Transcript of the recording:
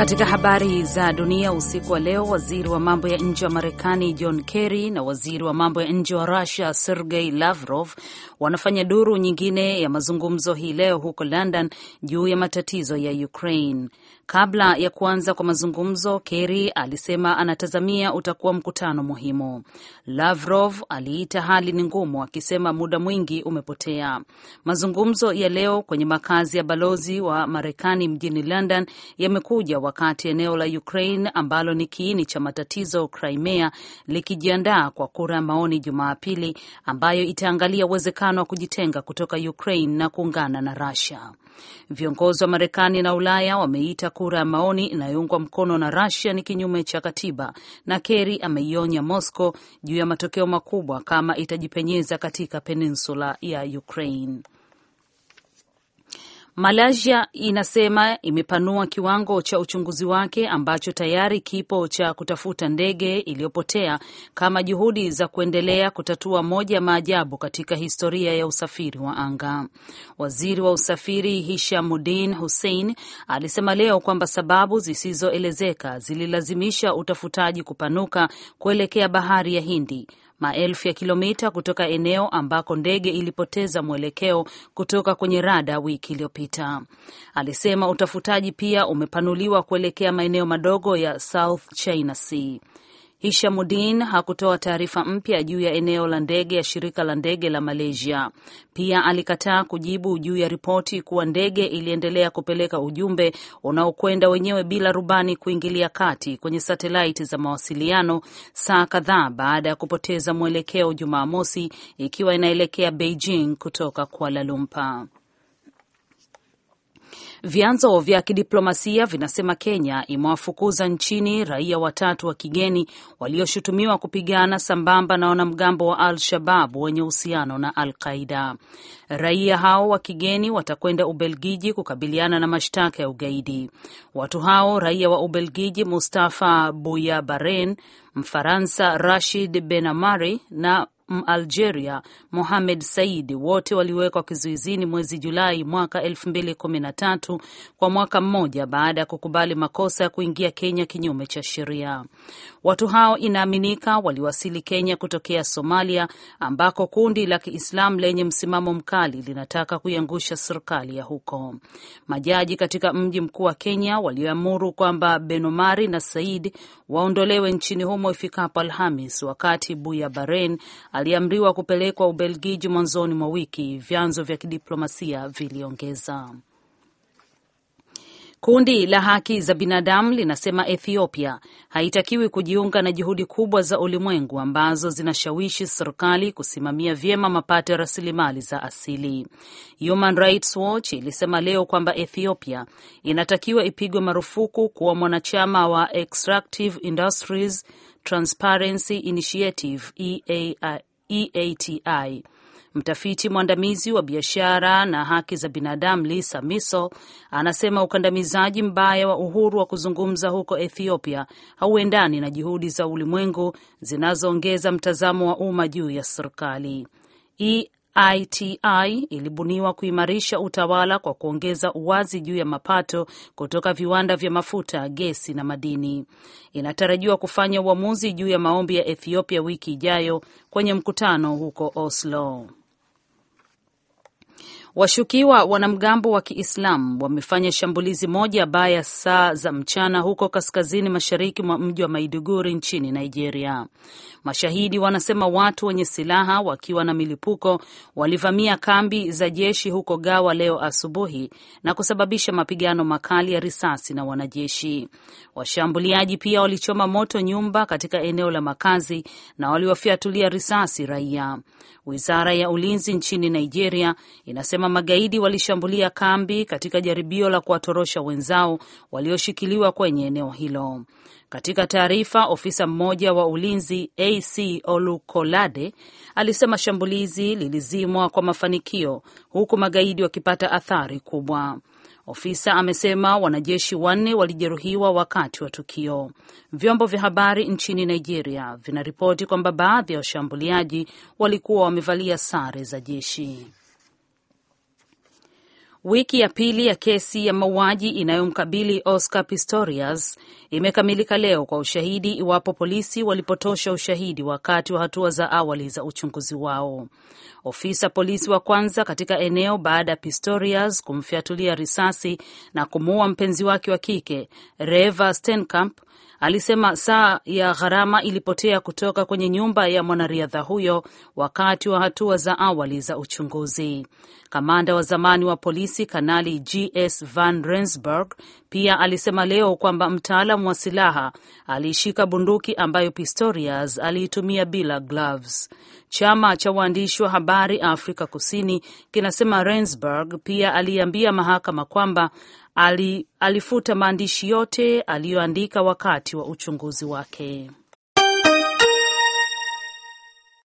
Katika habari za dunia usiku wa leo, waziri wa mambo ya nje wa Marekani John Kerry na waziri wa mambo ya nje wa Russia Sergei Lavrov wanafanya duru nyingine ya mazungumzo hii leo huko London juu ya matatizo ya Ukraine. Kabla ya kuanza kwa mazungumzo, Kerry alisema anatazamia utakuwa mkutano muhimu. Lavrov aliita hali ni ngumu, akisema muda mwingi umepotea. Mazungumzo ya leo kwenye makazi ya balozi wa Marekani mjini London yamekuja wakati eneo la Ukraine ambalo ni kiini cha matatizo Crimea likijiandaa kwa kura ya maoni Jumapili ambayo itaangalia uwezekano wa kujitenga kutoka Ukraine na kuungana na Russia. Viongozi wa Marekani na Ulaya wameita kura ya maoni inayoungwa mkono na Russia ni kinyume cha katiba, na Kerry ameionya Moscow juu ya matokeo makubwa kama itajipenyeza katika peninsula ya Ukraine. Malaysia inasema imepanua kiwango cha uchunguzi wake ambacho tayari kipo cha kutafuta ndege iliyopotea kama juhudi za kuendelea kutatua moja ya maajabu katika historia ya usafiri wa anga. Waziri wa usafiri Hishamuddin Hussein alisema leo kwamba sababu zisizoelezeka zililazimisha utafutaji kupanuka kuelekea bahari ya Hindi maelfu ya kilomita kutoka eneo ambako ndege ilipoteza mwelekeo kutoka kwenye rada wiki iliyopita. Alisema utafutaji pia umepanuliwa kuelekea maeneo madogo ya South China Sea. Hishamudin hakutoa taarifa mpya juu ya eneo la ndege ya shirika la ndege la Malaysia. Pia alikataa kujibu juu ya ripoti kuwa ndege iliendelea kupeleka ujumbe unaokwenda wenyewe bila rubani kuingilia kati kwenye satelaiti za mawasiliano saa kadhaa baada ya kupoteza mwelekeo Jumamosi ikiwa inaelekea Beijing kutoka Kuala Lumpur. Vyanzo vya kidiplomasia vinasema Kenya imewafukuza nchini raia watatu wa kigeni walioshutumiwa kupigana sambamba na wanamgambo wa Al-Shabab wenye uhusiano na Al-Qaida. Raia hao wa kigeni watakwenda Ubelgiji kukabiliana na mashtaka ya ugaidi. Watu hao raia wa Ubelgiji Mustafa Buyabaren, Mfaransa Rashid Benamari na Maalgeria Mohamed Said wote waliwekwa kizuizini mwezi Julai mwaka 2013 kwa mwaka mmoja baada ya kukubali makosa ya kuingia Kenya kinyume cha sheria. Watu hao inaaminika waliwasili Kenya kutokea Somalia ambako kundi la Kiislamu lenye msimamo mkali linataka kuiangusha serikali ya huko. Majaji katika mji mkuu wa Kenya walioamuru kwamba Benomari na Said waondolewe nchini humo ifikapo Alhamis, wakati Buya Bahrain aliamriwa kupelekwa Ubelgiji mwanzoni mwa wiki, vyanzo vya kidiplomasia viliongeza. Kundi la haki za binadamu linasema Ethiopia haitakiwi kujiunga na juhudi kubwa za ulimwengu ambazo zinashawishi serikali kusimamia vyema mapato ya rasilimali za asili. Human Rights Watch ilisema leo kwamba Ethiopia inatakiwa ipigwe marufuku kuwa mwanachama wa Extractive Industries Transparency Initiative e EATI. Mtafiti mwandamizi wa biashara na haki za binadamu Lisa Miso anasema ukandamizaji mbaya wa uhuru wa kuzungumza huko Ethiopia hauendani na juhudi za ulimwengu zinazoongeza mtazamo wa umma juu ya serikali. E ITI ilibuniwa kuimarisha utawala kwa kuongeza uwazi juu ya mapato kutoka viwanda vya mafuta, gesi na madini. Inatarajiwa kufanya uamuzi juu ya maombi ya Ethiopia wiki ijayo kwenye mkutano huko Oslo. Washukiwa wanamgambo wa Kiislamu wamefanya shambulizi moja baya saa za mchana huko kaskazini mashariki mwa mji wa Maiduguri nchini Nigeria. Mashahidi wanasema watu wenye silaha wakiwa na milipuko walivamia kambi za jeshi huko Gawa leo asubuhi na kusababisha mapigano makali ya risasi na wanajeshi. Washambuliaji pia walichoma moto nyumba katika eneo la makazi na waliwafyatulia risasi raia. Wizara ya ulinzi nchini Nigeria inasema anasema magaidi walishambulia kambi katika jaribio la kuwatorosha wenzao walioshikiliwa kwenye eneo hilo. Katika taarifa, ofisa mmoja wa ulinzi AC Olukolade alisema shambulizi lilizimwa kwa mafanikio, huku magaidi wakipata athari kubwa. Ofisa amesema wanajeshi wanne walijeruhiwa wakati wa tukio. Vyombo vya habari nchini Nigeria vinaripoti kwamba baadhi ya washambuliaji walikuwa wamevalia sare za jeshi. Wiki ya pili ya kesi ya mauaji inayomkabili Oscar Pistorius imekamilika leo kwa ushahidi, iwapo polisi walipotosha ushahidi wakati wa hatua za awali za uchunguzi wao. Ofisa polisi wa kwanza katika eneo baada ya Pistorius kumfyatulia risasi na kumuua mpenzi wake wa kike Reva Steenkamp alisema saa ya gharama ilipotea kutoka kwenye nyumba ya mwanariadha huyo wakati wa hatua za awali za uchunguzi. Kamanda wa zamani wa polisi Kanali GS Van Rensburg pia alisema leo kwamba mtaalamu wa silaha aliishika bunduki ambayo Pistorius aliitumia bila gloves. Chama cha waandishi wa habari Afrika Kusini kinasema Rensburg pia aliambia mahakama kwamba ali, alifuta maandishi yote aliyoandika wakati wa uchunguzi wake.